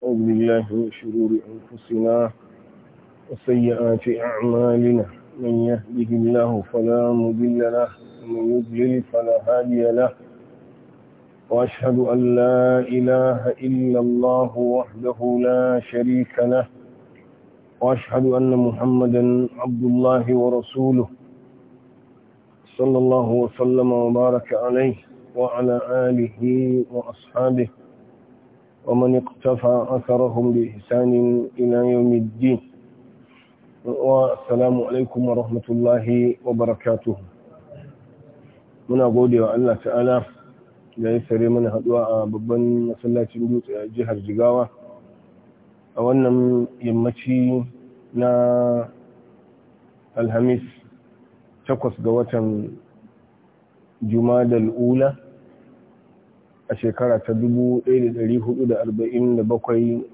أعوذ بالله من شرور أنفسنا وسيئات أعمالنا من يهده الله فلا مضل له ومن يضلل فلا هادي له وأشهد أن لا إله إلا الله وحده لا شريك له وأشهد أن محمدا عبد الله ورسوله صلى الله وسلم وبارك عليه وعلى آله وأصحابه ومن اقتفى أثرهم بإحسان إلى يوم الدين والسلام wa ورحمة الله وبركاته muna gode wa Allah ta'ala da ya sare mana haɗuwa a babban masallacin dutse a jihar Jigawa a wannan yammaci na Alhamis takwas ga watan da Ula a shekara ta 1447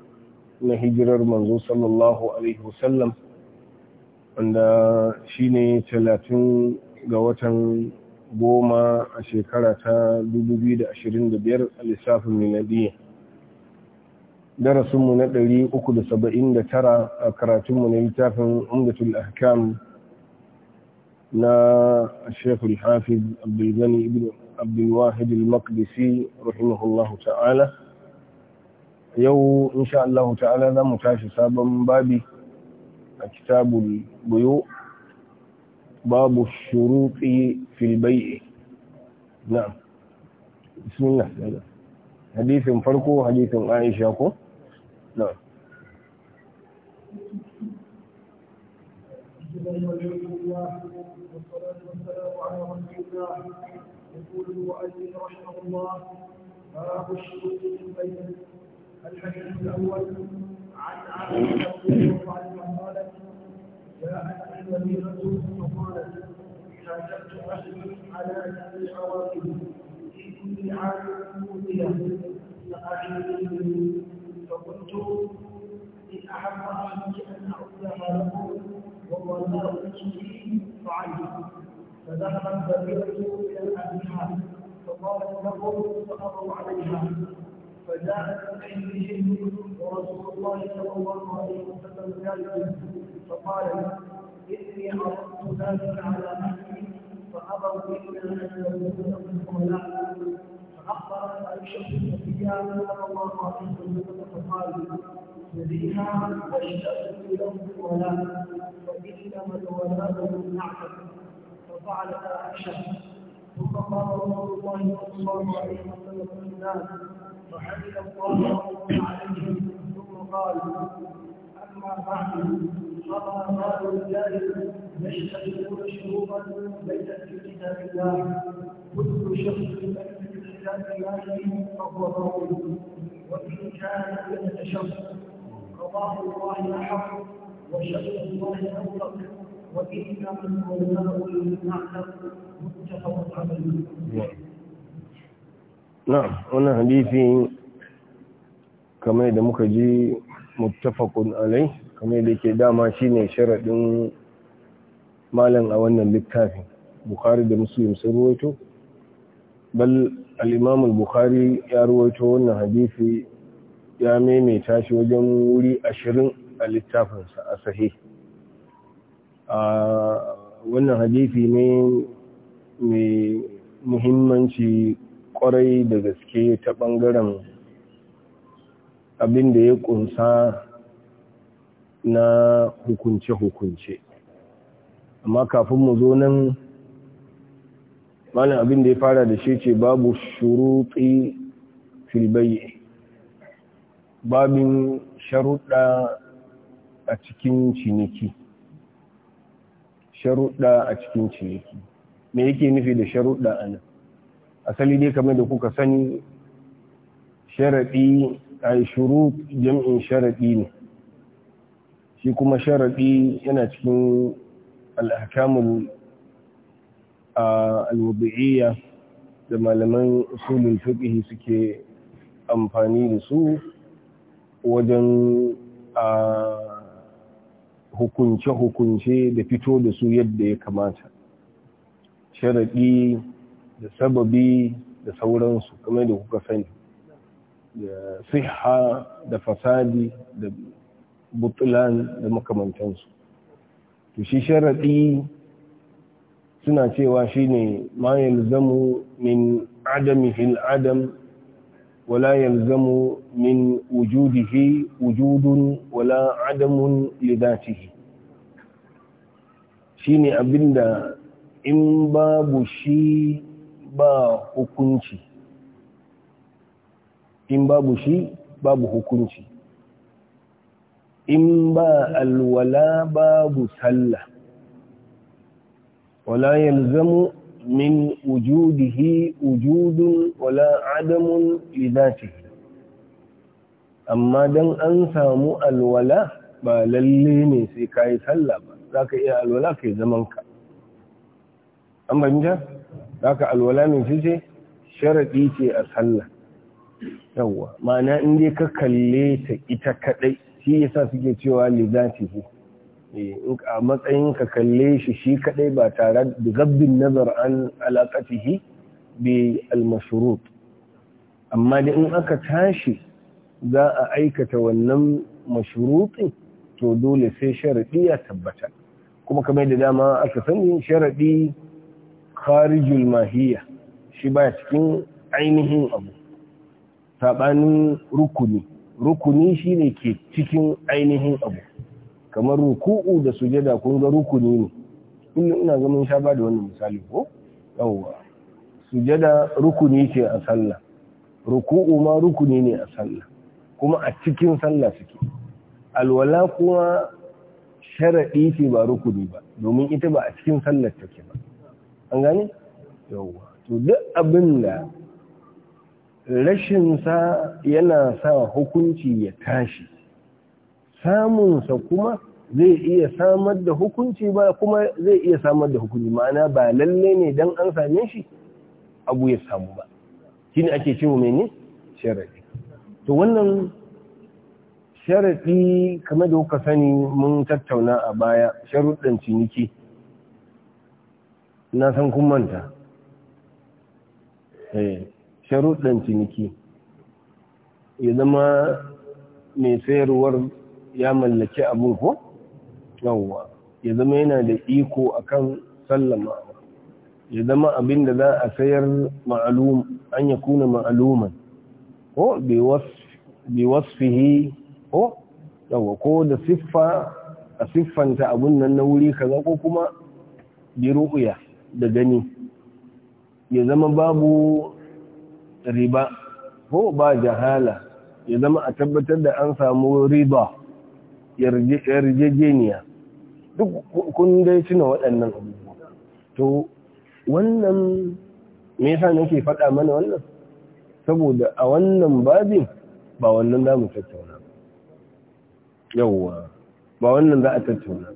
na hijirar manzo sallallahu alaihi wasallam wanda shine 30 ga watan goma a shekara ta 2025 a lissafin miladiyya darasinmu na 379 a karatunmu na littafin umdatul ahkam na shekul hafiz abdulgani ibn عبد الواحد المقدسي رحمه الله تعالى يو إن شاء الله تعالى ذا نعم متاش سابا بابي كتاب البيوع باب الشروط في البيع نعم بسم الله حديث فرقه حديث عائشة نعم الحمد لله والصلاة والسلام على رسول الله يقول المؤلف رحمه الله باب الشروط في البيت الحديث الاول عن عائشه رضي الله عنها قالت جاءت المدينه فقالت حاجبت اهلي على نفس عوائلي في كل عام مؤذيه فاعينني فقلت ان احب اهلي ان اردها لكم لا به فعلت فذهبت بقيته إلى أبيها فقالت لهم فأبوا عليها فجاءت بحلهم ورسول الله صلى الله عليه وسلم جالس فقالت إني عرضت ذلك على أهلي فأبوا إلا أن يكونوا لا فأخبرت عائشة النبي صلى الله عليه وسلم فقال خذيها أشتقت لهم الولاء فإنما الولاء من نعمة وعلى عائشة وقال رسول الله صلى الله عليه وسلم للناس وحمد الله عليهم ثم قال أما بعد فما قال الجاهل يشتغلون شروطا ليست في كتاب الله كل شخص ليس في كتاب الله فهو باطل وإن كان يتشبه قضاء الله أحق وشر الله أوثق نعم wannan hadisi kamar da muka ji muttafaqun alai kamar da ke dama shine sharaɗin malam a wannan littafin bukhari da muslim sai ruwaito bal al-imam bukhari ya ruwaito wannan hadisi ya maimaita shi wajen wuri ashirin a littafinsa a sahih wannan hadisi ne mai muhimmanci kwarai da gaske ta ɓangaren abin da ya ƙunsa na hukunce-hukunce amma kafin mu zo nan malin abin da ya fara da shi ce babu shuruɗi filbayi babin sharuɗa a cikin ciniki sharuɗa a cikin ciniki me yake nufi da sharuɗa a nan asali dai kamar da kuka sani sharaɗi a shuru jam'in sharaɗi ne shi kuma sharaɗi yana cikin al'akamun al'ubu'iyya da malaman usulun fiƙihi suke amfani da su wajen a hukunce-hukunce da fito da su yadda ya kamata sharaɗi da sababi da sauransu kamar da kuka sani da siha da fasadi da butulan da makamantansu to shi sharaɗi suna cewa shine ma zamu min hil adam wala يلزم من وجوده وجود ولا عدم لذاته shine abinda in shi ba hukunci in babu shi babu hukunci in ba alwala babu sallah wala yalzamu Min wujudun wala adamun عدم amma dan an samu alwala ba lalle ne sai ka yi sallah ba za iya alwala kai zaman ka, an banja za ka alwala mai fice sharaɗi ce a sallah yawa ma'ana dai ka kalle ta ita kadai shi yasa suke cewa lizatihi Eh, a matsayin ka kalle shi shi kadai ba tare da gabbin nazar an alaƙatihi bi almasrut amma da in aka tashi za a aikata wannan mashrutin to dole sai sharaɗi ya tabbata kuma kamar da dama aka sani sharaɗi kharijul mahiyya shi ba cikin ainihin abu saɓanin rukuni rukuni shi ne ke cikin ainihin abu kamar ruku'u da sujada kun ga rukuni ne inda ina ga mun sha ba da wannan misali ko yawwa sujada rukuni ce a sallah ruku'u ma rukuni ne a sallah kuma a cikin sallah suke alwala kuma sharadi ce ba rukuni ba domin ita ba a cikin sallah take ba an gane yawwa to duk abin da rashinsa yana sa hukunci ya tashi samunsa kuma zai iya samar da hukunci ba kuma zai iya samar da hukunci ma'ana ba lalle ne don an same shi abu ya samu ba ne ake cewa mene sharadi to wannan sharadi kama da kuka sani mun tattauna a baya sharuɗin ciniki na san kun manta eh sharuɗin ciniki ya zama mai sayarwar ya mallaki abin ko yawwa ya zama yana da iko akan sallama ya zama abin da za a sayar ma'alum an ya kuna ma'aluman ko bi wasfihi ko yawwa ko da siffa a siffanta abin nan na wuri kaza ko kuma bi ru'ya da gani ya zama babu riba ko ba jahala ya zama a tabbatar da an samu riba yarjejeniya duk kun dai tuna waɗannan abubuwa to wannan me yasa nake faɗa mana wannan saboda a wannan babin ba wannan za mu tattauna yauwa ba wannan za a tattauna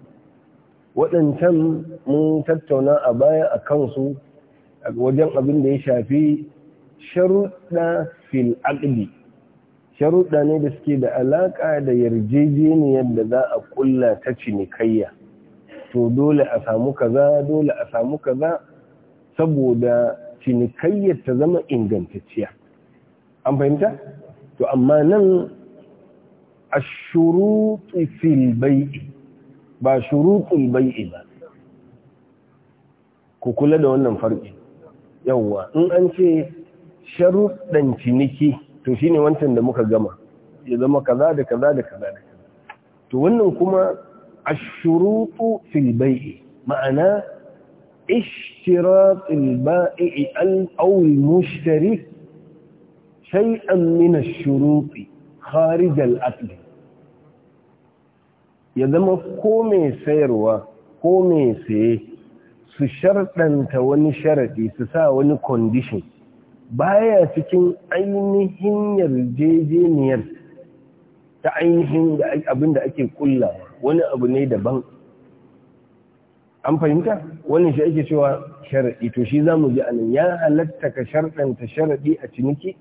waɗancan mun tattauna a baya a kansu wajen abin da ya shafi sharuɗa fil aqdi sharuɗa ne da suke da alaƙa da yarjejeniyar da za a ƙulla ta cinikayya to dole a samu kaza dole a samu kaza saboda cinikayyar ta zama ingantacciya an fahimta to amma nan a shuruɗi filbai ba shuruɗin bai ba ku kula da wannan farki yawwa in an ce sharuɗan ciniki to shine wancan da muka gama ya zama kaza da kaza da kaza da kaza to wannan kuma a shurutu fil ma'ana ishtirat al a aw al-mushtari shay'an min ash-shuruti kharij al ya zama ko mai sayarwa ko mai saye su sharɗanta wani sharaɗi su sa wani condition baya cikin ainihin yarjejeniyar ta ainihin abin da ake kulla wani abu ne daban an fahimta wani shi ake cewa sharaɗi to shi za mu ji anan ya halatta ka sharɗanta sharaɗi a ciniki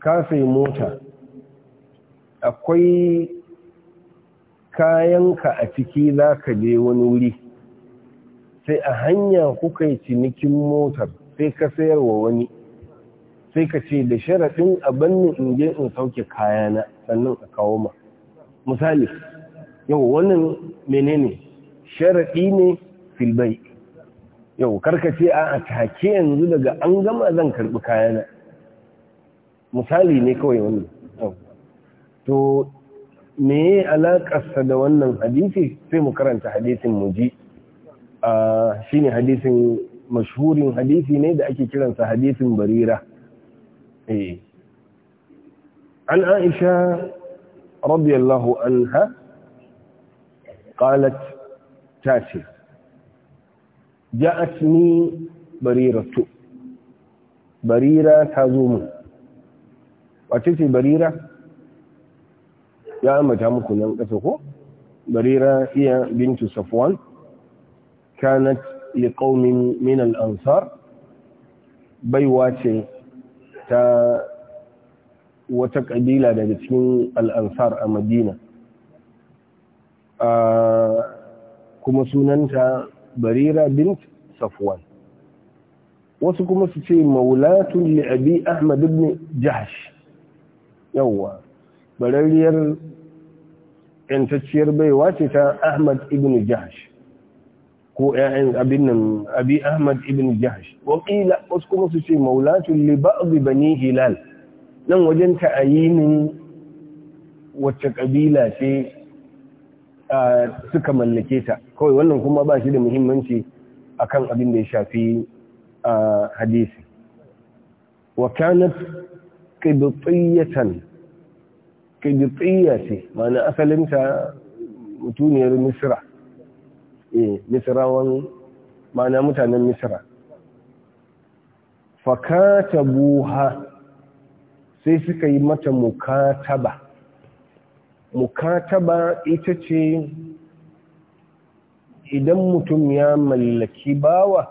ka sai mota akwai kayanka a ciki za ka je wani wuri sai a hanya kuka yi cinikin motar sai ka sayar wa wani sai ka ce da sharaɗin abannin in je in sauke kayana sannan a kawo ma misali yau wannan menene sharaɗi ne filbai yau ce, a a take yanzu daga an gama zan karɓi kayana misali ne kawai wannan to me alaƙarsa da wannan hadisi sai mu karanta hadisin muji ah, ne hadisin mashhurin hadisi ne da ake kiransa hadisin barira eh an aisha radiyallahu anha qalat tashi ja'atni bariratu barira ta zo mun wace ce barira ya amata muku nan ƙasa ko barira iya bintu safwan kanat liƙaumin minal ansar baiwa ce ta wata ƙabila daga cikin al'ansar a madina ah, kuma sunanta barira bint safwan wasu kuma su ce maulatun li'abi ahmad ibn jahash yawwa barariyar ‘yantacciyar baiwa ce ta ahmad ibn jahash ko ƴaƴan abin nan abi ahmad ibn jahsh wakila wasu kuma su ce li ba'd bani hilal nan wajen ta'ayinin wacce ƙabila ce suka mallake ta kawai wannan kuma ba shi da muhimmanci akan abin da ya shafi hadisi wa kanat qibtiyatan qibtiyati ma'ana asalinta mutuniyar misra eh misrawan ma'ana mutanen misra buha sai suka yi mata mukataba mukataba ita ce idan mutum ya mallaki bawa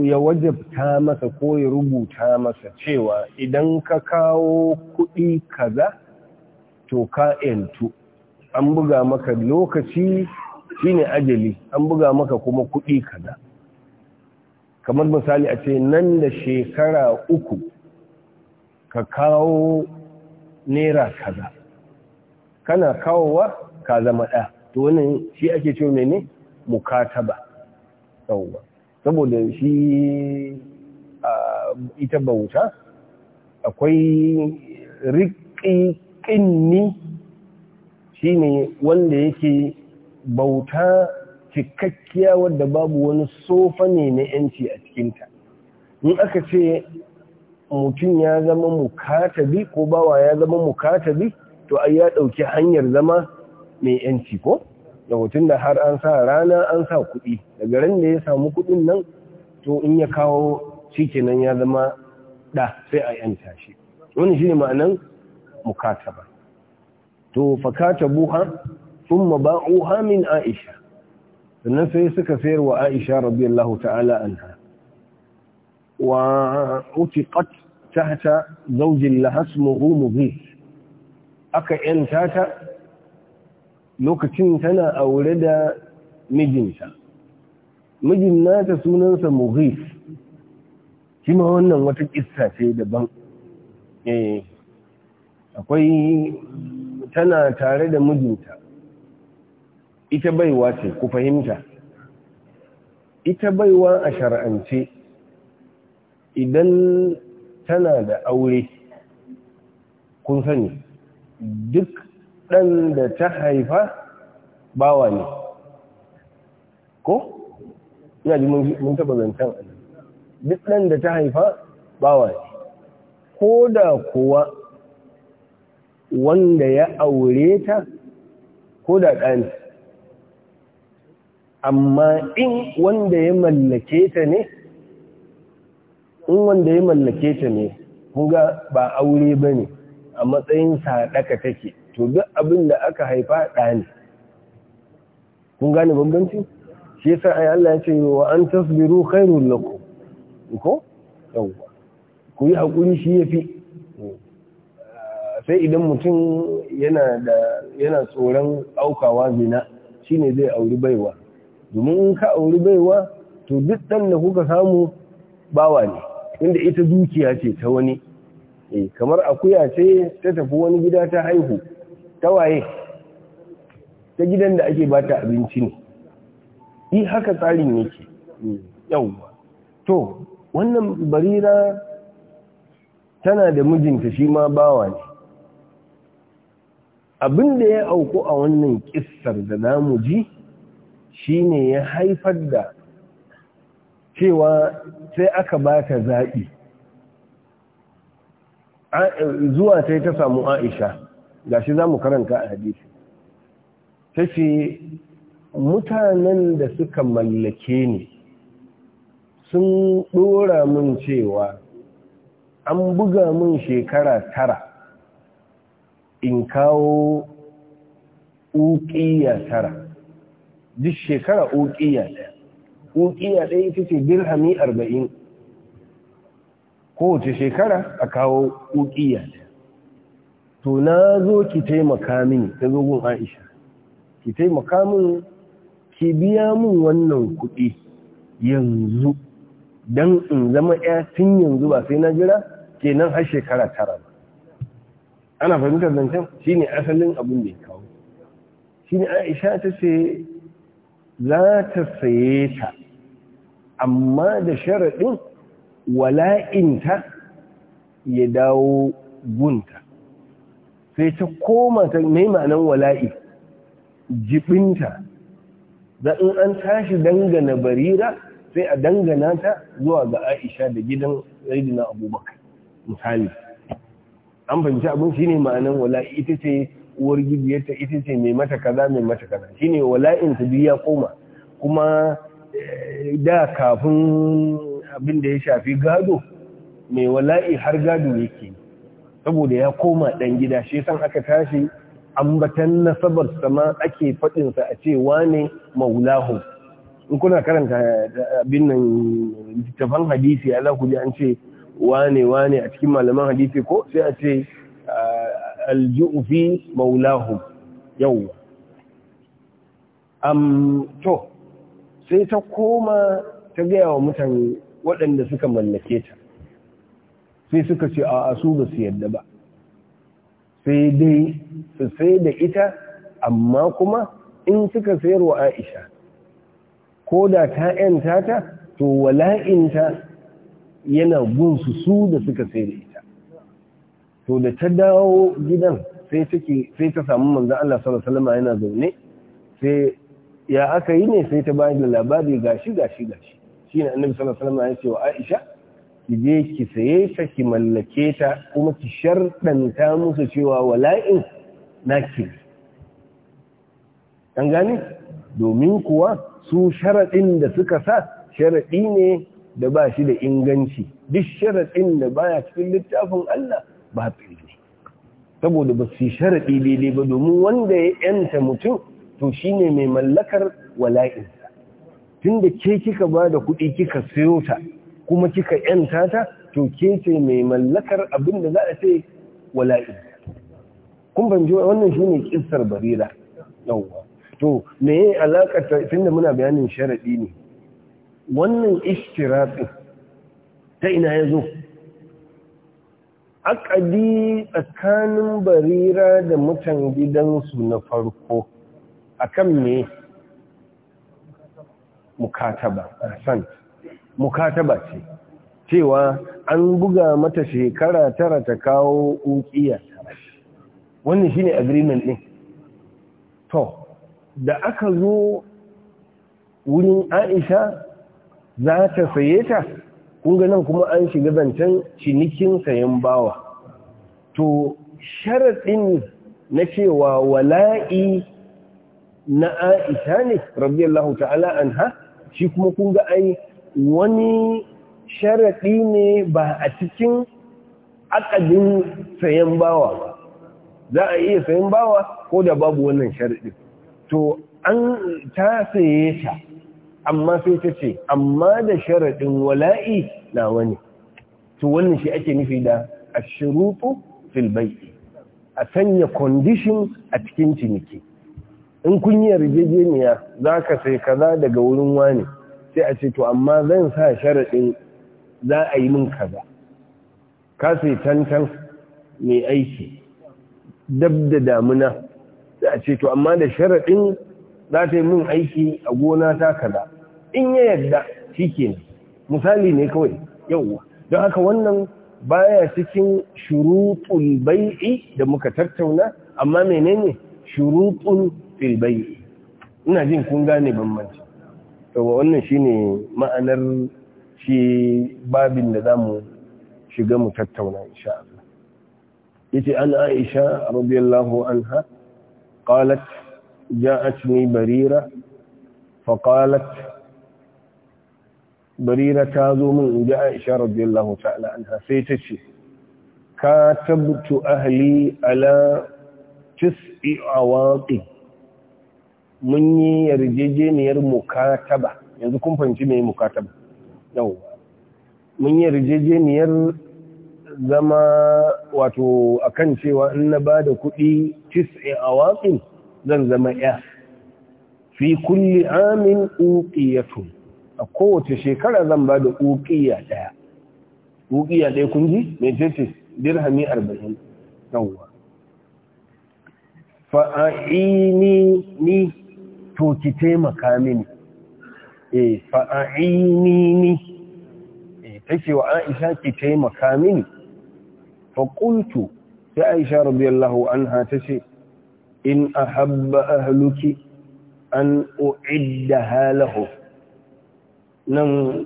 ya wajabta masa ko ya rubuta masa cewa idan ka kawo kuɗi kaza to ka ‘yantu an buga maka lokaci shine ajali an buga maka kuma kuɗi kaza kamar misali a ce nan da shekara uku ka kawo naira kaza kana kawowa ka zama ɗaya to wannan shi ake ce mene mukataba tsawon saboda shi ita bauta akwai riƙiƙinni shine wanda yake bauta cikakkiya wadda babu wani sofa ne na yanci a cikinta in aka ce mutum ya zama mukatabi ko bawa ya zama mukatabi to ai ya ɗauki hanyar zama mai yanci ko da hutun da har an sa rana an sa kuɗi daga ran da ya samu kuɗin nan to in ya kawo nan ya zama ɗa sai a yanta shi wani shi ne ma'anan mukataba to buha thumma ba'uha min Aisha sannan sai suka sayar wa Aisha radiyallahu ta'ala anha wa utiqat tahta zawjin laha ismuhu aka yanta ta lokacin tana aure da mijinta mijin nata sunansa Mughith Kima wannan wata kissa ce daban eh akwai tana tare da mijinta ita baiwa ce ku fahimta ita baiwa a shar'ance idan tana da aure kun sani duk ɗan da ta haifa bawa ne ko? ina ji mun taɓa zancen duk ɗan da ta haifa bawa ne ko da kuwa wanda ya aure ta ko da ɗani amma in wanda ya mallake ta ne in wanda ya mallake ta ne kunga ba aure ba ne a matsayin saɗaka take to duk abin da aka haifa ɗani kun gane bambanci shi yasa ayi Allah ya ce wa an tasbiru khairul lakum ko yau. ku yi hakuri shi ya fi. sai idan mutum yana tsoron aukawa zina shine zai auri baiwa domin in ka auri baiwa to duk ɗan da kuka samu bawa ne inda ita dukiya ce ta wani eh, kamar akuya ce ta tafi wani gida ta haihu ta waye ta gidan da ake bata abinci ne yi haka tsarin yake yauwa to wannan barira tana da mijinta shi ma bawa ne abin da ya auku a wannan kissar da namu ji shine ya haifar da cewa sai aka ba ta zaɓi zuwa ta ta samu aisha gashi za mu karanta a hadisi ta ce mutanen da suka mallake ni sun ɗora min cewa an buga mun shekara tara in kawo uƙiya tara duk shekara uƙiya ɗaya uƙiya ɗaya ita ce dirhami arba'in kowace shekara a kawo uƙiya ɗaya to na zo ki taimaka mini ta zo aisha ki taimaka min ki biya min wannan kuɗi yanzu don in zama ya tun yanzu ba sai na jira kenan har shekara tara ba ana fahimtar zancen ne asalin abin da ya kawo ne Aisha ta ce za ta saye ta amma da sharaɗin wala'inta ya dawo gunta sai ta koma ta mai ma'anan wala'i jibinta da in an tashi dangana barira sai a dangana ta zuwa ga aisha da gidan raidina abubakar misali an fahimci abin shine ma'anan wala'i ita ce uwar yadda ita ce mai mata kaza mai mata kaza shine wala'in su biya koma kuma eh, da kafin abin da ya shafi gado mai wala'i har gado yake saboda ya koma dan gida shi san aka tashi ambatan nasabar sama ake faɗin sa a ce ne maulahu in kuna karanta eh, abin nan tafan hadisi ala ku an ce wane wane a cikin malaman hadisi ko sai a ce aljufi maulahu yau am to sai ta koma ta gaya wa mutane waɗanda suka mallake ta sai suka ce a su ba su yadda ba sai dai su sai da ita amma kuma in suka sayarwa aisha ko da ta ‘yanta ta to wala'inta yana gun su su da suka sai da ita to da ta dawo gidan sai take sai ta samu manzon Allah sallallahu alaihi wasallam yana zaune sai ya aka yi ne sai ta bayar da labari gashi gashi gashi shine annabi sallallahu alaihi wasallam ya ce wa Aisha ki je ki saye ta ki mallake ta kuma ki sharɗanta musu cewa wala'in naki an gane domin kuwa su sharaɗin da suka sa sharaɗi ne da ba shi da inganci duk sharaɗin da baya cikin littafin Allah ba ne saboda ba su sharaɗi daidai ba domin wanda ya yanta mutum to shi ne mai mallakar wala'insa tunda ke kika ba da kuɗi kika sayo ta kuma kika yanta ta to ke ce mai mallakar abin da za a ce wala'insa kun banji wannan shi ne kissar barira yawwa to me alaka tunda muna bayanin sharaɗi ne wannan ishtirafin ta ina ya zo akadi tsakanin barira da mutan gidansu na farko akan me mukataba san mukataba ce cewa an buga mata shekara tara ta kawo ukiya wannan shine agreement din to da aka zo wurin Aisha za ta saye ta kunga nan kuma an shiga zancen cinikin sayan bawa to sharaɗin na cewa wala'i na aisha ne radiyallahu ta'ala anha shi kuma kunga ai wani sharaɗi ne ba a cikin akadin sayan bawa ba za a iya sayan bawa ko da babu wannan sharaɗin to an ta saye ta amma sai ta ce amma da sharaɗin wala'i na wani to wannan shi ake nufi da a fil bai'i a sanya condition a cikin ciniki in kun yi yarjejeniya za ka sai kaza daga wurin wani sai a ce to amma zan sa sharaɗin za a yi min kaza ka sai tantan mai aiki dab da damuna sai a ce to amma da sharaɗin za ta yi min aiki a gona ta kaza in ya yarda ne misali ne kawai yau don haka wannan baya cikin shurutul bai'i da muka tattauna amma menene shurutul fil bai'i ina jin kun gane bambanci to wannan shine ma'anar shi babin da za mu shiga mu tattauna insha Allah yace an Aisha radiyallahu anha qalat ja'atni barira qalat barira ta zo min in ji aisha radiyallahu ta'ala anha sai ta ce ka tabtu ahli ala tis'i awaqi mun yi yarjejeniyar mukataba yanzu kun fahimci me mukataba yau mun yi yarjejeniyar zama wato akan cewa in na bada kuɗi tis'i awaqi zan zama ya fi kulli amin uqiyatun a kowace shekara zan ba da ukiya ɗaya Ukiya ɗaya kun ji mai dirhami arba'in yawwa fa'a'ini ni to ki taimaka mini e eh, fa'a'ini ni e eh, take wa aisha ki taimaka mini faƙultu sai aisha radiyallahu an ta ce in a a haluki, an da halahu nan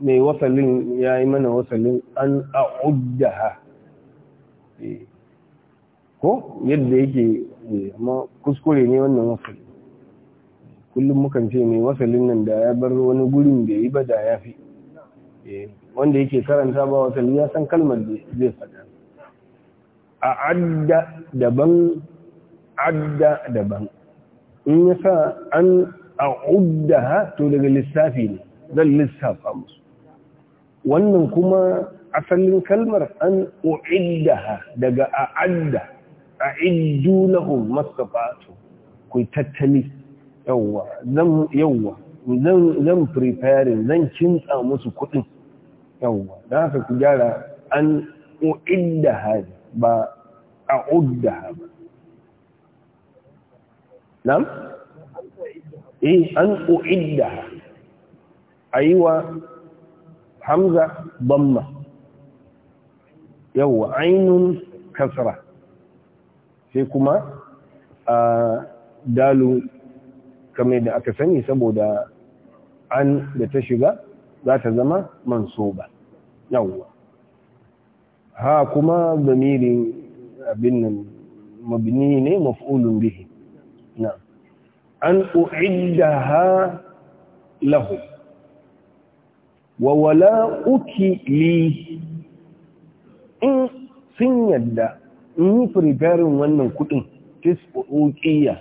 mai wasalin ya yi mana wasalin an ha. Eh, ko yadda yake eh, amma kuskure ne wannan wasalin kullum mukan ce mai wasalin nan da ya bar wani gurin da yi ba da ya fi eh, wanda yake karanta ba wasalin ya san kalmar da zai faɗa a adda daban adda daban in ya sa an ha to daga lissafi ne zan lissafa musu wannan kuma asalin kalmar an u'iddaha daga a'adda a'iddu lahum mastafatu ku tattali yawwa zan yawwa zan zan preparing zan kinsa musu kuɗin yawwa dan haka ku gyara an u'iddaha ba a'uddaha ba na'am eh an u'iddaha a hamza bamma yawwa ainun kasra sai kuma a dalu kamar da aka sani saboda an da ta shiga za ta zama mansoba yawwa ha kuma zamirin abin nan mabni ne maf'ulun bihi na an ha lahu wa wala uki li in sun yadda in yi firifarin wannan kudin ukiya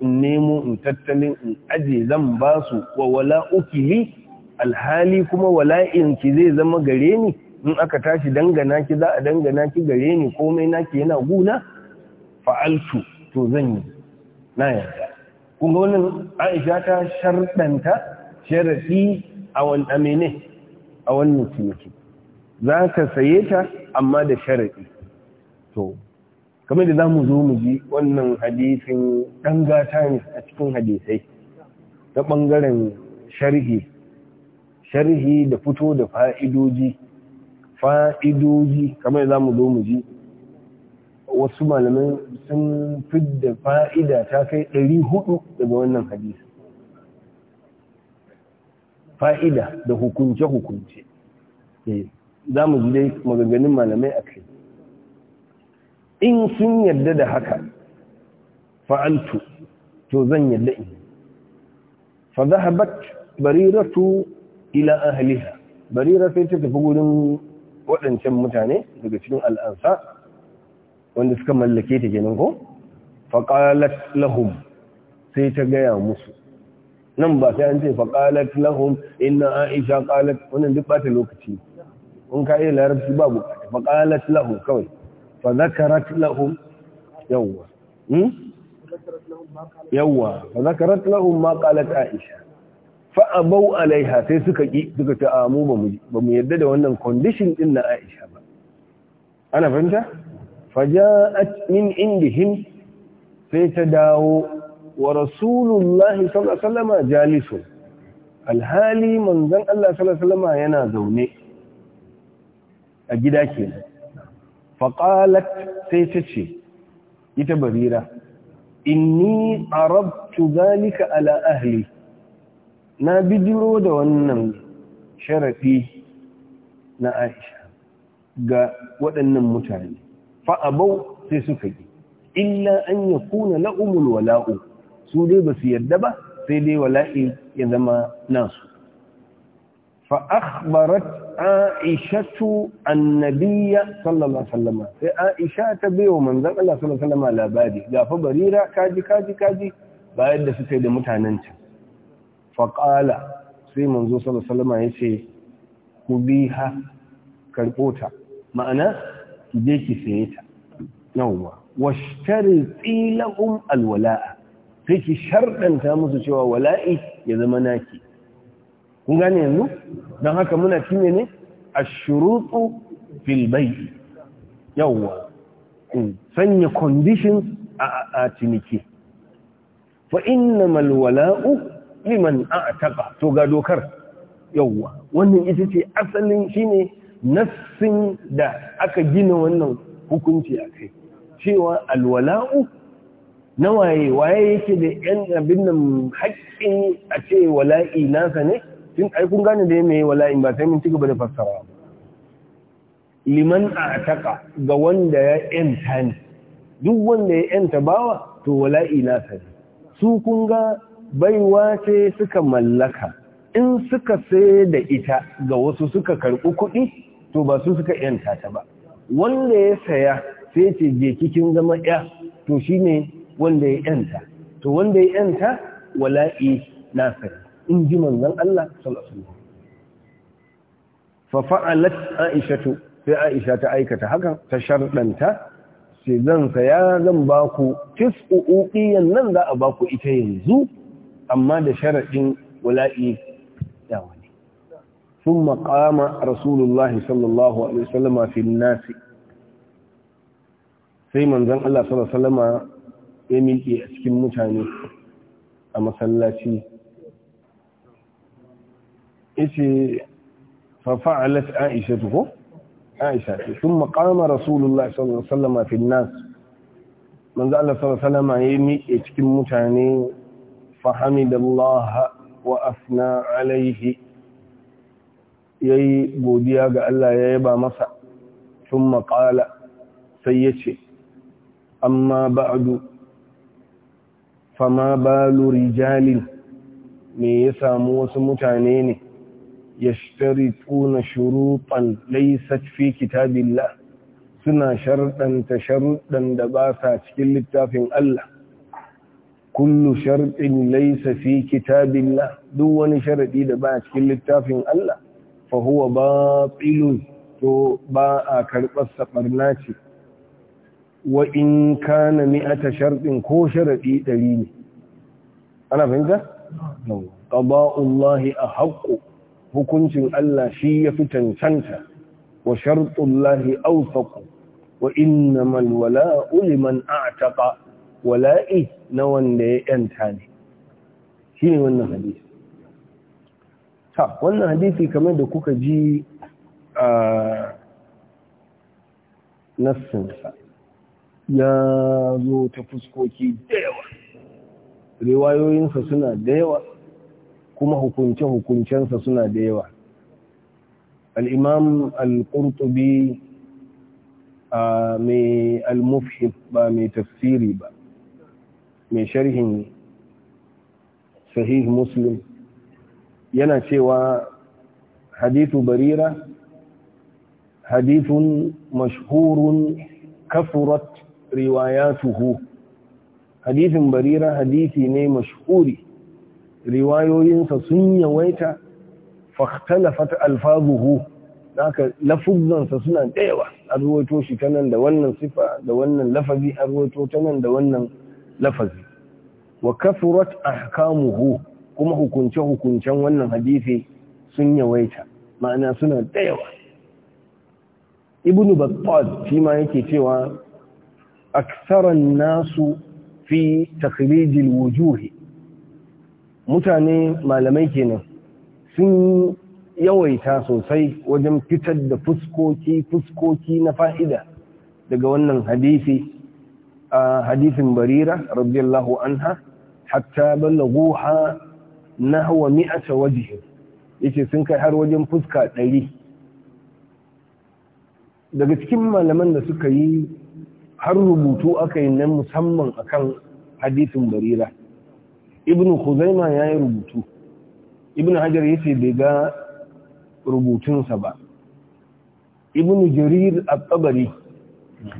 in nemo in tattalin in aje zan ba su wa wala uki li alhali kuma wala'in ki zai zama gare ni in aka tashi dangana ki za a dangana ki gare ni komai naki yana guna fa'altu to zan yi na yarda kuma Aisha ta sharɗanta sharaɗi a wani amene a wannan ciniki za ka saye ta amma da sharaɗi to kamar da za mu zo mu ji wannan hadisin ɗan gata ne a cikin hadisai ta ɓangaren sharhi sharhi da fito da fa'idoji fa'idoji kamar za mu zo mu ji wasu malamai sun fi da fa'ida ta kai ɗari 400 daga wannan hadisi fa'ida da hukunce-hukunce eh, za mu ji malamai a kai in sun yarda da haka fa'altu to zan yarda in fa zahabat bariratu ila ahaliha barira sai ta tafi wurin waɗancan mutane daga cikin al'ansa wanda suka mallake ta ginin ko faƙalat lahum sai ta gaya musu nan ba sai an ce fa qalat lahum inna aisha qalat wannan duk bata lokaci in ka yi larabci babu fa qalat lahum kawai fa zakarat lahum yawwa hmm yawwa fa zakarat lahum ma qalat aisha fa abau alaiha sai suka ki suka ta amu ba mu yadda da wannan condition din na aisha ba ana fahimta ja'at min indihim sai ta dawo wa rasulullahi sallallahu alaihi wasallam alhali manzon Allah sallallahu yana zaune a gida kenan faqalat sai ta ce ita barira inni arabtu zalika ala ahli na bijiro da wannan sharafi na Aisha ga waɗannan mutane fa abau sai suka yi illa an yakuna la'umul wala'u su dai ba su yarda ba sai dai wala'i ya zama nasu fa aishatu annabiyya sallallahu alaihi sai aisha ta bayo manzon Allah sallallahu alaihi wasallam labari ga fa barira kaji kaji kaji ba yadda suka yi da mutanen can fa sai manzo sallallahu alaihi wasallam yace ku biha karbota ma'ana ki je ki saye ta yawwa washtari alwala'a sai ki sharɗanta musu cewa wala'i ya zama naki kun gane yanzu don haka muna fi ne a shuruɗu filbai yawwa mm. sanya conditions a ciniki fa inna malwala'u liman a taɓa to ga dokar yawwa wannan ita ce asalin shine nassin da aka gina wannan hukunci a kai cewa alwala'u na waye waye yake da yan abin nan haƙƙi a ce wala'i nasa ne tun ai kun gane da mai wala'in ba sai mun ci gaba da fassara liman a ataka ga wanda ya yanta ne duk wanda ya yanta bawa to wala'i nasa ne su kun ga baiwa ce suka mallaka in suka sai da ita ga wasu suka karɓi kuɗi to ba su suka yanta ta ba wanda ya saya sai ce je cikin zama ya to shine wanda ya yanta to wanda ya yanta wala'i nasir in ji manzon Allah sallallahu alaihi wasallam fa fa'alat to sai aisha ta aikata haka ta shardanta sai zan sa ya zan ba ku tis'u uqiyan nan za a ba ku ita yanzu amma da sharadin wala'i dawa ne thumma qama rasulullahi sallallahu alaihi wasallam fi an-nas sai manzon Allah sallallahu alaihi wasallam ya miƙe a cikin mutane a masallaci yace fa fa'alat aisha ko aisha ce sun qama rasulullah sallallahu alaihi wasallam fi nas manzo Allah sallallahu alaihi wasallam ya miƙe cikin mutane fa hamidallah wa asna alaihi yayi godiya ga Allah ya yaba masa thumma qala sai yace amma ba'du fama balu rijalin me ya samu wasu mutane ne tuna shurutan laysat fi kitabillah suna sharɗanta sharɗan da ba sa cikin littafin Allah kullu sharɗin Laisa fi kitabillah duk wani sharaɗi da ba cikin littafin Allah fa huwa batilun to ba a karɓar saɓarna ce wa in kana mi'ata sharɗin ko sharaɗi ɗari ne ana fahimta? ƙaba'ullahi a haƙƙo hukuncin Allah shi ya fi cancanta wa sharɗullahi aufaƙo wa innamal wala'u liman a'taqa wala'i na wanda ya yanta ne shi ne wannan hadisi ta wannan hadisi kamar da kuka ji a ah, nassinsa ya zo ta fuskoki da yawa riwayoyinsa suna da yawa kuma hukunce-hukuncensa suna da yawa al'imam al'urtubi a mai al ba mai tafsiri ba mai sharhin sahih muslim yana cewa hadithu barira hadithun mashhurun kafurat riwayatuhu hadisin barira hadisi ne mashhuri riwayoyinsa sun yawaita fahtalafat alfazuhu haka lafuzzansa suna dayawa a shi ta nan da wannan sifa da wannan lafazi a ruwaito ta nan da wannan lafazi wa kafurat ahkamuhu kuma hukunce-hukuncen wannan hadisi sun yawaita ma'ana suna dayawa ibnu battal shi ma yake cewa aksaran nasu fi takhrijil wujuhi mutane malamai kenan sun yawaita sosai wajen fitar da fuskoki fuskoki na fa'ida daga wannan hadisi a hadisin barira radiyallahu anha hatta ballaguha nahwa mi'ata wajhi yake sun kai har wajen fuska ɗari daga cikin malaman da suka yi har rubutu aka yi nan musamman akan hadithin barira ibn khuzaima ya yi rubutu ibn hajar ya ce bai ga rubutunsa ba ibn jarir a tsabari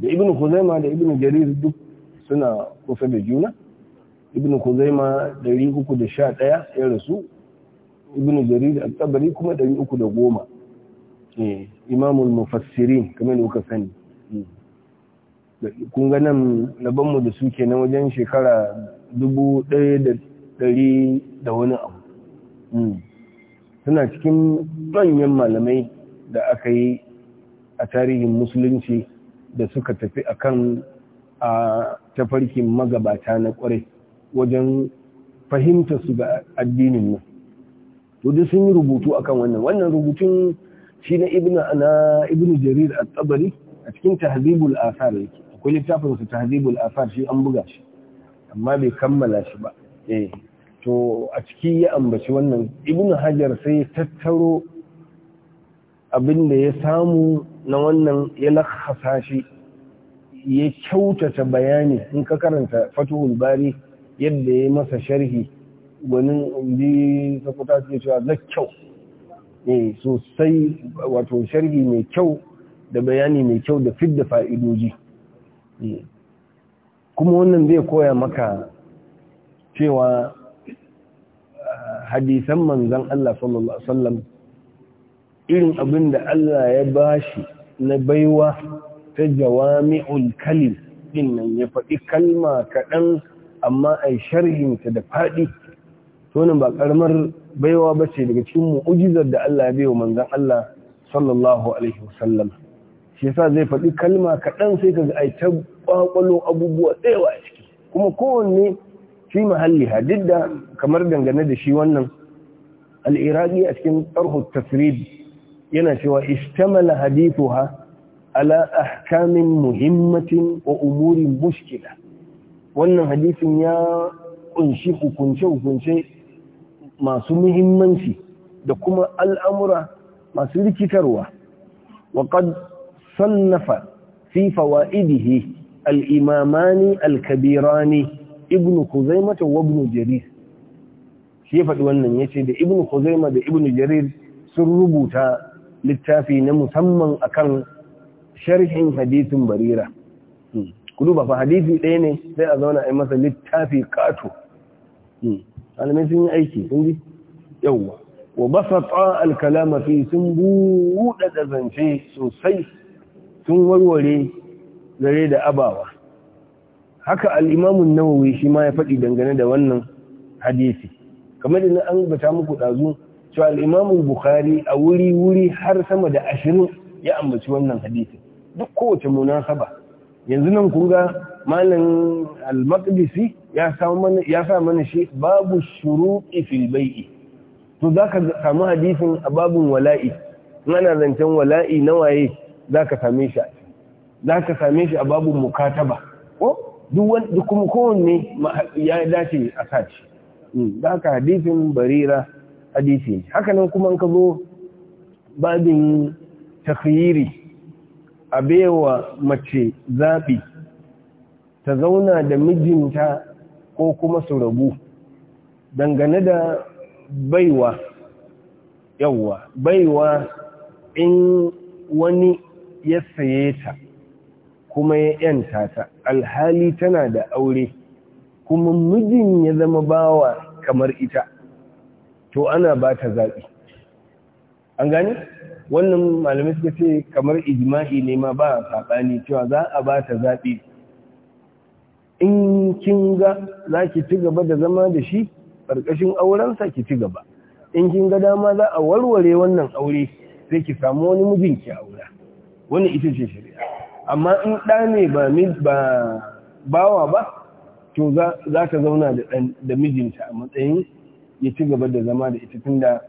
da ibn khuzaima da ibn jarir duk suna kusa da juna ibn khuzaima 311 ya rasu ibn jarir a tsabari kuma 310 eh, imamul mufassirin kamar da kuka sani kun ga nan mu da suke na wajen shekara dubu ɗaya da ɗari da wani abu hmm. suna cikin manyan malamai da aka yi a tarihin musulunci da suka tafi akan a tafarkin magabata na ƙwarai wajen fahimta su ga addinin nan wajen sun yi rubutu akan wannan wannan rubutun shi na ibina ana jarir a tsabari a cikin tahzibul asar yake akwai littafin su tahzibul afar shi an buga shi amma bai kammala shi ba eh to a ciki ya ambaci wannan ibn hajar sai tattaro abinda ya samu na wannan ya lakasa shi ya kyautata bayani in ka karanta fatuhul bari yadda ya masa sharhi wani bi sakuta suke cewa na kyau ne eh, sosai wato sharhi mai kyau da bayani mai kyau da fidda fa'idoji kuma wannan zai koya maka cewa hadisan manzan Allah sallallahu Alaihi wasallam irin abin da Allah ya bashi na baiwa ta jawami'ul kalim din nan ya faɗi kalma kaɗan amma a sharhinta da faɗi tonin ba ƙarmar baiwa ba ce daga cikin mu'ujizar da Allah ya baiwa manzan Allah sallallahu Alaihi wasallam shi yasa zai faɗi kalma kaɗan sai ka ga ai ta ƙwaƙwalo abubuwa tsayawa a ciki kuma kowanne fi mahalli duk kamar dangane da shi wannan al'iraki a cikin tsarhut tasrid yana cewa istamala hadithuha ala ahkamin muhimmatin wa umurin mushkila wannan hadisin ya kunshi hukunce-hukunce masu muhimmanci da kuma al'amura masu rikitarwa wa Sannafa في idihi al'imamani الكبيران ابن خزيمة وابن جرير shi faɗi wannan ya ce da ibn Khuzaima da ibn Jarir sun rubuta littafi na musamman akan sharhin hadisin barira ku duba fa hadisi ɗaya ne sai a zauna a yi masa littafi kato alamai sun yi aiki sun ji yawwa wa basata al-kalama sun buɗe da zance sosai sun warware zare da abawa haka al'imamun nawawi shi ma ya faɗi dangane da wannan hadisi kamar da na an bata muku ɗazu to al'imamun bukhari a wuri-wuri har sama da ashirin ya ambaci wannan hadisi duk kowace saba. yanzu nan kun ga malam al-maqdisi ya sa mana shi babu shuru fil bai'i to ka samu hadisin a babin wala'i mana zancen wala'i na waye za ka same shi za ka same shi a babu mukataba ko duk kuma kowanne ya dace a sace Za ka hadisin barira hadisi haka nan kuma ka zo babin tafiyiri, a baiwa mace zaɓi ta zauna da mijinta ko kuma su rabu dangane da baiwa yawwa baiwa in wani ya saye ta kuma ya ‘yanta ta alhali tana da aure kuma mijin ya zama bawa kamar ita to ana ba ta zaɓi an gani wannan malamai suka ce kamar ijma'i ne ma ba saɓani cewa za a ba ta zaɓi in kin ga za ki ci gaba da zama da shi ƙarƙashin aurensa ki ci gaba in kin ga dama za a warware wannan aure sai ki samu wani mijinki aure Wani ita ce shari'a amma in ɗa ne ba bawa ba to za ka zauna da mijinta a matsayin ya ci gaba da zama da ita tun da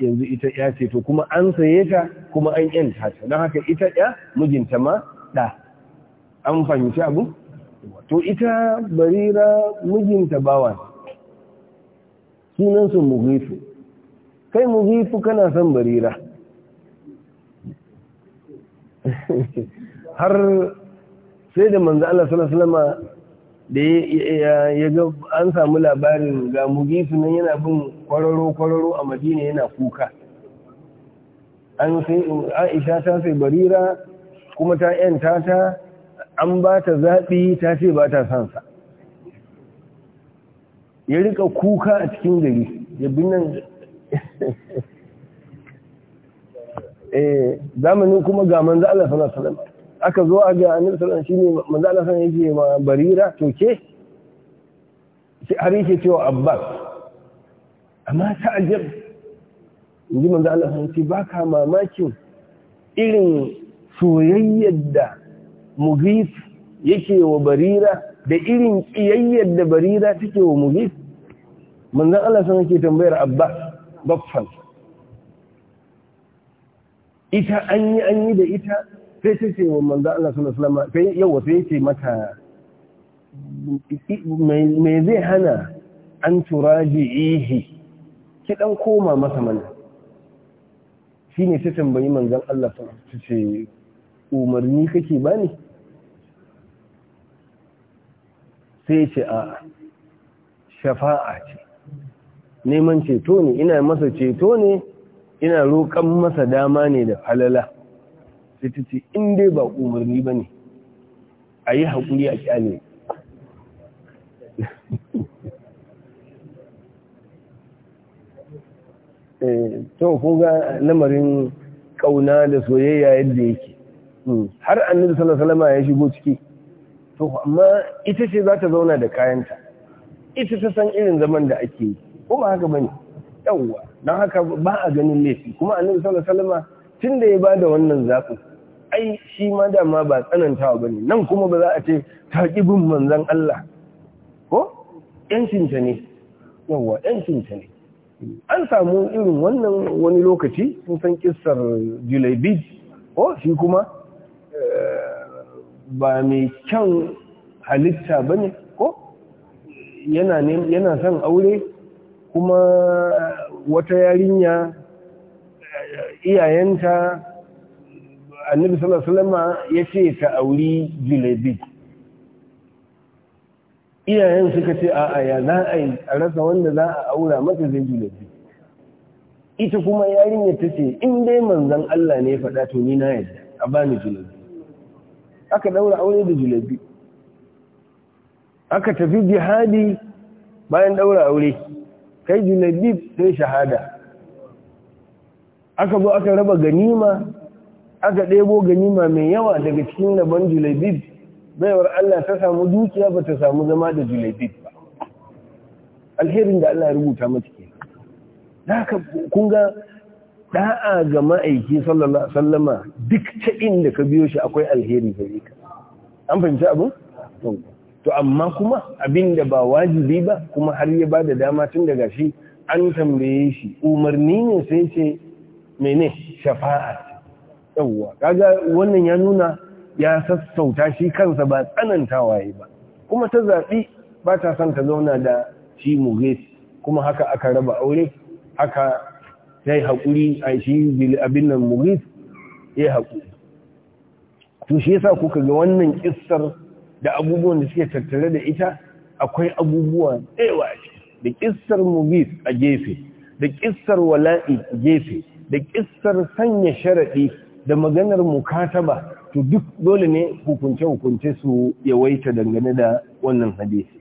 yanzu ita ya ce to kuma an saye ta kuma an yanta ta don haka ita ya mijinta ma ɗa an fahimci abu to ita barira mijinta bawa sunan su mughifu kai mughifu kana son barira har sai da manzo Allah sallallahu alaihi da ya ga an samu labarin ga mugisu nan yana bin kwararo kwararo a Madina yana kuka an sai Aisha ta sai Barira kuma ta yan ta an ba ta zaɓi ta ce ba ta san sa ya rika kuka a cikin gari ya binnan. Eh, zamanin kuma ga manzo Allah sallallahu alaihi wasallam aka zo a ga annabi sallallahu alaihi wasallam shine manzo Allah sallallahu alaihi wasallam yake ma barira to ke har yake cewa abbas amma ta ajab inji manzo Allah sallallahu alaihi wasallam baka mamakin irin soyayyar da mughith yake wa barira da irin kiyayyar da barira take wa mughith manzo Allah sallallahu alaihi wasallam tambayar abbas baffan ita an yi an yi da ita sai ta ce wa manzo Allah sallallahu alaihi wasallam sai yawa sai ce mata me zai hana an turaji'ihi ki dan koma masa mana shine ta tambayi manzon Allah sallallahu alaihi wasallam ce umarni kake bani sai ce a shafa'a ce neman ceto ne ina masa ceto ne ina roƙon masa dama ne da falala sai ta ba umarni ba ne a yi haƙuri a kyale eh, to ga lamarin ƙauna da soyayya yadda yake hmm. har an sallallahu alaihi ya shigo ciki to amma ita ce za ta zauna da kayanta ita ta san irin zaman da ake yi ko ba haka bane yawwa don haka ba a ganin laifi kuma a sallallahu salama tun tunda ya bada wannan zaɓin ai shi ma dama ba tsanantawa ba ne nan kuma ba za a ce ta bin manzan Allah ko yancin ta ne yawwa yancin ta ne an samu irin wannan wani lokaci sun san kissar beach ko shi kuma eh, ba mai kyan halitta bane ko yana son aure kuma eh, wata yarinya eh, iyayenta annabi sallallahu alaihi ya ce ta auri jilebi iyayen suka ce a ya za a yi a rasa wanda za a aura mata zai jilebi ita kuma yarinya ta ce in dai manzan Allah ne faɗa to ni na yadda a bani jilebi aka daura aure da jilebi aka tafi jihadi bayan daura aure kai junadib sai shahada aka zo aka raba ganima aka ɗebo ganima mai yawa daga cikin rabon julebib baiwar Allah ta samu dukiya ba ta samu zama da julebib ba alherin da Allah ya rubuta mace ke da kun ga da'a ga ma'aiki sallallahu alaihi wasallama duk ta inda ka biyo shi akwai alheri gare ka an fahimci abu to amma kuma abinda ba wajibi ba kuma har ya bada dama tun daga shi an tambaye shi umarni ne sai ce mene shafa'a yawwa kaga wannan ya nuna ya sassauta shi kansa ba tsanantawa yi ba kuma ta zaɓi ba ta son ta zauna da shi mugis kuma haka aka raba aure haka ya yi haƙuri a shi abin nan mugis ya yi haƙuri to shi yasa kuka ga wannan kistar. da abubuwan da suke tattare da ita akwai abubuwa tsewa da kissar mubis a gefe da kissar wala'i a gefe da kissar sanya sharaɗi da maganar mukataba to duk dole ne hukunce-hukunce su yawaita dangane da wannan hadisi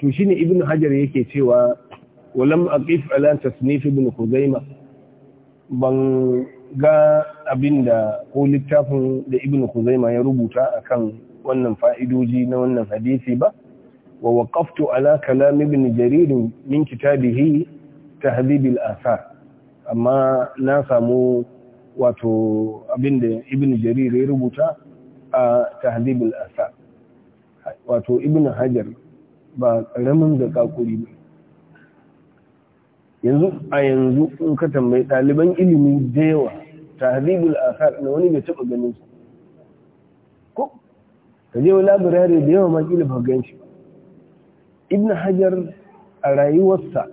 to shine ibn hajar yake cewa walam aqif ala tasnif ibn khuzaimah ban ga abin da ko littafin da ibn Khuzaima ya rubuta akan wannan fa'idoji na wannan hadisi ba wa waqaftu ala kalam ibn jarir min kitabihi tahdhib al-athar amma na samu wato abin da ibn jarir ya rubuta a tahdhib al-athar wato ibn hajar ba karamin da kakuri ba yanzu a yanzu in ka tambayi ɗaliban ilimi da yawa tahribul asar na wani bai taɓa ganin su ko ka je wani labirari da yawa ma kila ba gan shi ibn hajar a rayuwarsa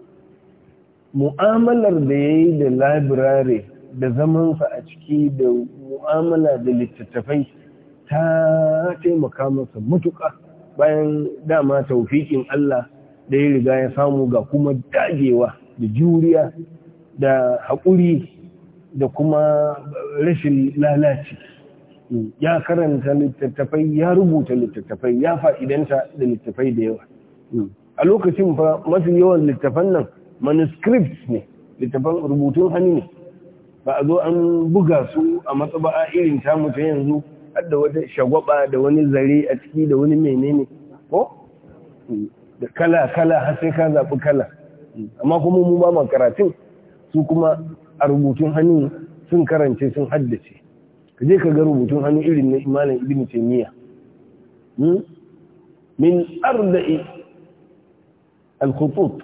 mu'amalar da ya yi da labirare da zamansa a ciki da mu'amala da littattafai ta taimaka masa matuƙa bayan dama taufiƙin Allah da ya riga ya samu ga kuma dagewa da juriya da haƙuri da kuma rashin lalaci ya karanta littattafai ya rubuta littattafai ya fa'idanta da littattafai da yawa a lokacin fa masu yawan littattafan nan manuscript ne Littattafan rubutun hannu ne ba a zo an buga su a a irin tamu ta yanzu hadda wata shagwaba da wani zare a ciki da wani menene ko da kala kala har sai ka zaɓi kala amma kuma mu ba mu karatun su kuma a rubutun hannu sun karance sun haddace ka je ka ga rubutun hannu irin na imanin ibn taymiya hmm? min arda'i al-khutut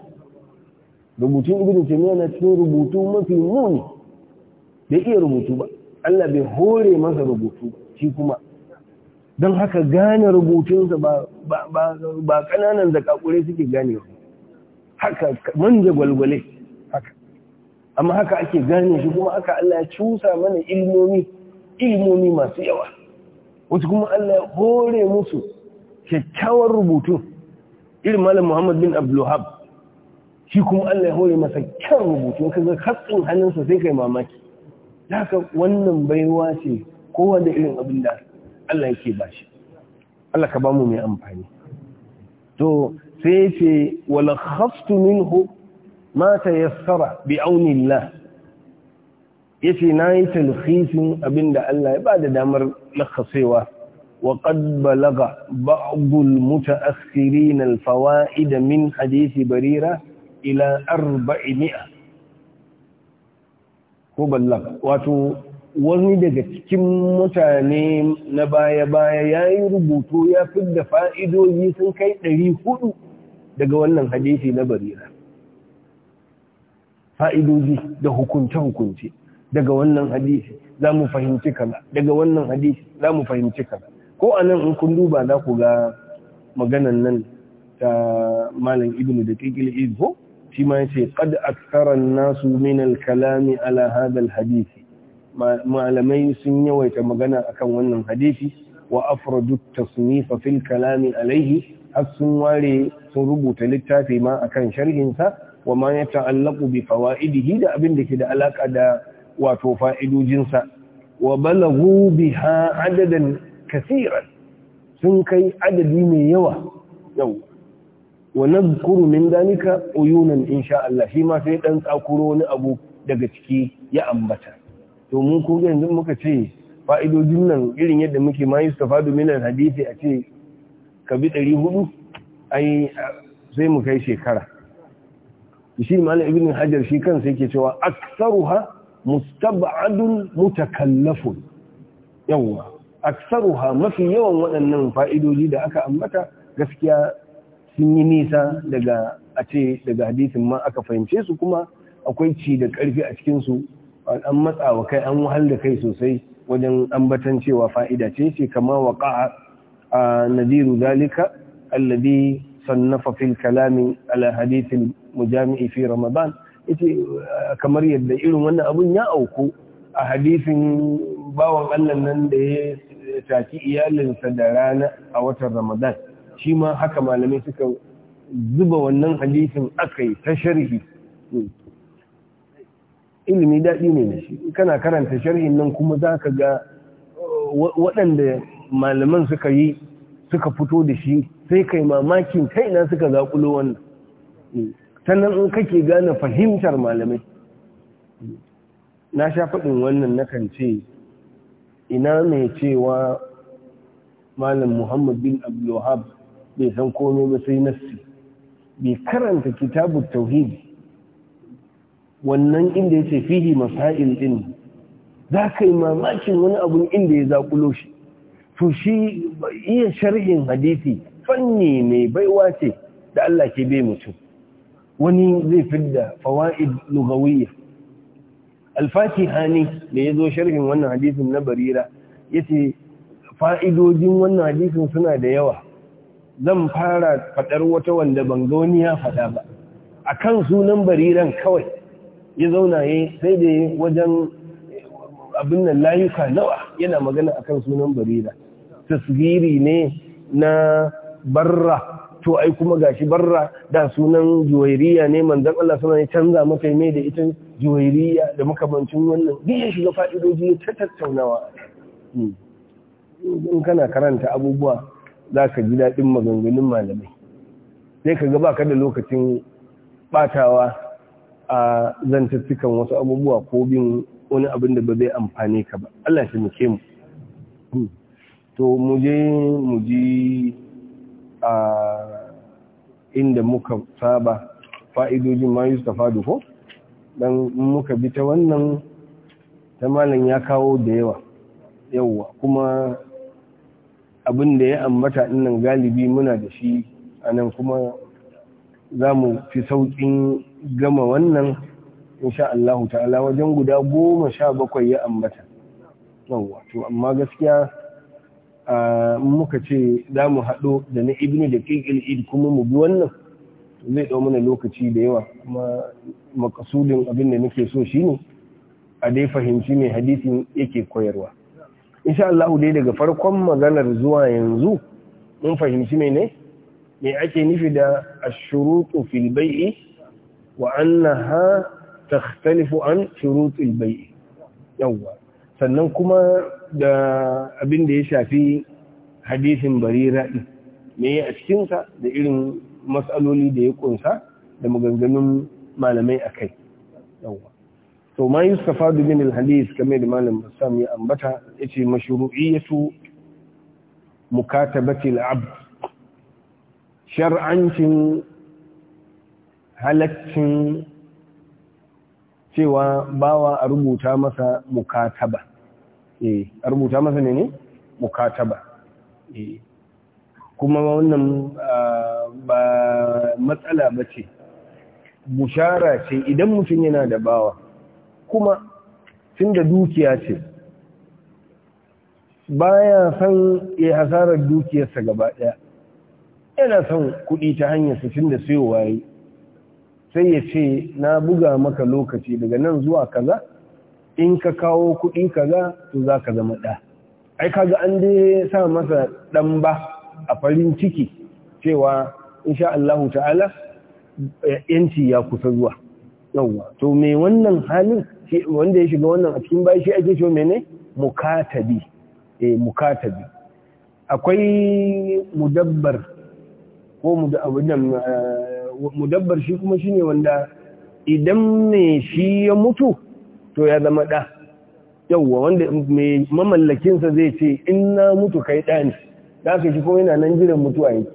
rubutun ibn taymiya na cikin rubutu mafi muni bai iya rubutu ba Allah bai hore masa rubutu shi kuma don haka gane rubutunsa ba kananan zakakure suke ganewa haka manja gwalgwale haka amma haka ake gane shi kuma haka Allah ya cusa mana ilmomi ilmomi masu yawa wasu kuma Allah ya hore musu kyakkyawar rubutu irin malam Muhammad bin Abdulwahab shi kuma Allah ya hore masa kyan rubutu kaga katsin hannunsa sai kai mamaki haka wannan baiwa ce kowa da irin abin da Allah yake ba shi Allah ka ba mu mai amfani to سيفي ولخصت منه ما تيسر بعون الله يسي ناي تلخيص ابن دا الله بعد دامر لخصيوا وقد بلغ بعض المتأخرين الفوائد من حديث بريرة إلى أربعمائة هو بلغ واتو وزن دقة كم متانيم نبايا بايا يا يربوتو يا فد فائدو يسن كي تريخو daga wannan hadisi na barira fa'idoji da hukunce-hukunce daga wannan hadisi za mu fahimci kaza daga wannan hadisi za mu fahimci kaza ko a nan in kun duba za ku ga maganan nan ta malam ibnu da kikil ibo shi ma yace qad aktsara nasu minal kalami ala hadisi malamai sun yawaita magana akan wannan hadisi wa afradu tasnifa fil kalami alaihi har sun ware sun rubuta littafi ma akan sharhinsa wa ma ya ta'allaqu bi fawaidihi da abin da ke da alaka da wato fa'idojinsa wa balaghu biha adadan kaseeran sun kai adadi mai yawa yau wa nadhkuru min dalika uyunan insha Allah shi ma sai dan tsakuro wani abu daga ciki ya ambata to mun ko yanzu muka ce fa'idojin nan irin yadda muke ma yustafadu min hadisi a ce ka bi ɗari hudu ai sai mu kai shekara shi malam ibn hajar shi kan kansa yake cewa aksaruha mustab'adun mutakallafun yawa aksaruha mafi yawan waɗannan fa'idoji da aka ambata gaskiya sun yi nisa daga a ce daga hadisin ma aka fahimce su kuma akwai ci da ƙarfi a cikinsu an wa kai an wahal da kai sosai wajen ambatan cewa fa'ida ce ce kama waƙa'a نذير ذلك الذي صنف في الكلام على حديث المجامع في رمضان kamar yadda irin wannan abun ya auku a hadisin bawan Allah nan da ya saki iyalinsa da rana a watan Ramadan shi ma haka malamai suka zuba wannan hadithin aka ta sharhi ilimi daɗi ne da shi kana karanta sharhin nan kuma za ka ga waɗanda malaman suka yi suka fito da shi sai kai mamakin ta ina suka zaƙulo wannan sannan in kake gane fahimtar malamai na sha faɗin wannan nakan ce ina mai cewa malam muhammad bin abdullahab bai san komai ba sai nassi bai karanta kitabu tauhid wannan inda ya ce fihi masail din za ka yi mamakin wani abun inda ya zaƙulo shi to shi iya sharhin hadisi fanni ne baiwa ce da Allah ke bai mutum wani zai fidda fawaid lugawiyya al-fatiha ne da ya zo sharhin wannan hadisin na barira yace fa'idojin wannan hadisin suna da yawa zan fara fadar wata wanda ban ga wani ya fada ba akan sunan bariran kawai ya zauna ya sai da wajen abin nan layuka nawa yana magana akan sunan barira tasgiri ne na barra to ai kuma gashi barra da sunan juwairiya ne manzon Allah suna ya canza mata mai da ita juwairiya da makamancin wannan duk ya shiga fa'idoji ta tattaunawa hmm. in kana karanta abubuwa za ka ji daɗin maganganun malamai sai ka gaba ka da lokacin ɓatawa a zantattukan wasu abubuwa ko bin wani abin da ba zai amfane ka ba Allah shi mu ke hmm. mu to mu je mu ji a inda muka saba fa'idojin ma yi stafadu ko don muka bi ta wannan ta malam ya kawo da yawa yawa kuma abin da ya ambata nan galibi muna da shi a nan kuma za mu fi sauƙin gama wannan insha'allahu ta'ala wajen guda goma sha bakwai ya ambata yawa to amma gaskiya muka ce za mu haɗo da na ibnu da ƙiƙil id kuma mu bi wannan zai ɗau mana lokaci da yawa kuma makasudin abin da nake so shine a dai fahimci mai hadisin yake koyarwa insha Allah dai daga farkon maganar zuwa yanzu mun fahimci mai ne? me ake nufi da ash Wa fil bai'i wa annaha takhtalifu an shurutil bai'i yawwa sannan kuma da abin da ya shafi hadisin barira ɗin me a cikinsa da irin matsaloli da ya kunsa da maganganun malamai a kai yawwa to ma yustafadu min alhadis kamar da malam Bassam ya ambata ya yace mashru'iyatu mukatabati al abu. shar'ancin halaccin cewa bawa a rubuta masa mukataba eh a rubuta masa ne ne mukataba eh kuma wannan ah, ba matsala ba ce bushara ce idan mutum yana da bawa kuma tun da dukiya ce baya son ya hasarar dukiyarsa gaba ɗaya yana son kuɗi ta hanyar su tun da siyowa yi sai ya ce na buga maka lokaci daga nan zuwa kaza in ka kawo kuɗi kaza to za ka zama ɗa ai ga an dai sa masa ɗan ba a farin ciki cewa insha Allahu ta'ala yanci ya kusa zuwa yawwa to me wannan halin wanda ya shiga wannan a cikin bayi shi ake cewa mene mukatabi eh mukatabi akwai mudabbar ko mudabbar mudabbar shi kuma shine wanda idan ne shi ya mutu to ya zama ɗa yauwa wanda mai mamallakinsa zai ce in na mutu kai ɗa ne da aka shi kuma yana nan jiran a yake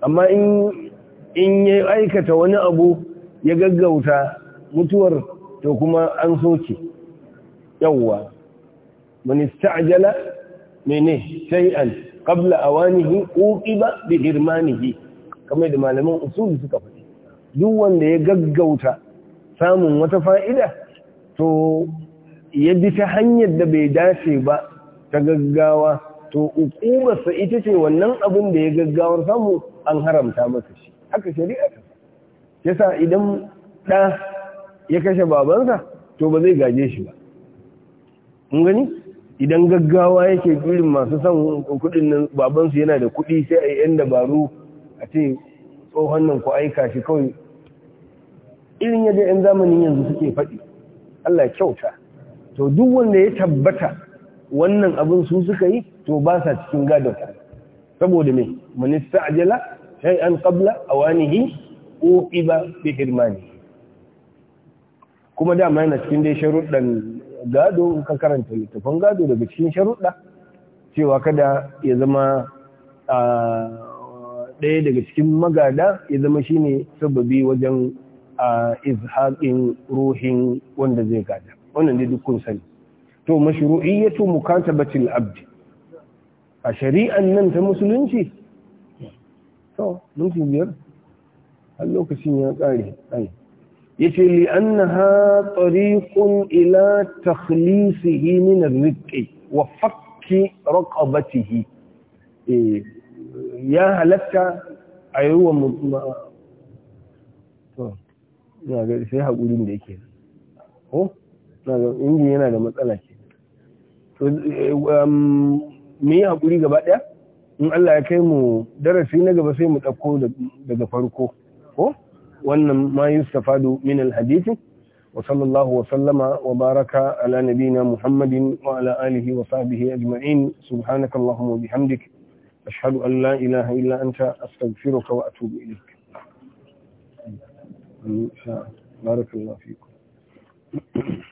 amma in ya aikata wani abu ya gaggauta mutuwar to kuma an soke yauwa man jala? mene shay'an qabla awanihi uqiba bi hirmanihi kamar da malaman usuli suka faɗi duk wanda ya gaggauta samun wata fa'ida to ya bi ta hanyar da bai dace ba ta gaggawa to sa ita ce wannan abin da ya gaggawar samu an haramta masa shi haka shari'a ta yasa idan ɗa ya kashe babansa to ba zai gaje shi ba mun gani idan gaggawa yake irin masu son kuɗin nan babansu yana da kuɗi sai a yi 'yan dabaru a ce tsohon nan ku aika shi kawai irin yadda 'yan zamanin yanzu suke faɗi Allah kyauta to duk wanda ya tabbata wannan abin su suka yi to ba sa cikin gadon saboda mai minista ajala sai an kabla a wanihi ko iba bi hirmani kuma dama yana cikin dai sharuɗan gado in ka karanta littafin gado daga cikin sharuɗa cewa kada ya zama ɗaya daga cikin magada ya zama shi ne sababi wajen izhaƙin ruhin wanda zai gada wannan ne dukkan sani to ya mashru'iyyatu mukatabatil abdi a shari'an nan ta musulunci to mutum biyar har lokacin ya ƙare ai yace li annaha tariqun ila takhlisihi min ar-riqi wa fakki raqabatihi eh, ya halatta ayuwa mutuma to ya ga sai hakurin da yake ko na ga yana da matsala ce to eh, me um, yi hakuri gaba daya in Allah ya kai mu darasi na gaba sai mu dauko daga farko ko wannan ma minal min alhadith wa sallallahu wa sallama wa baraka ala nabiyyina muhammadin wa ala alihi wa sahbihi ajma'in subhanaka allahumma bihamdik ashhadu an la ilaha illa anta astaghfiruka wa atubu ilaik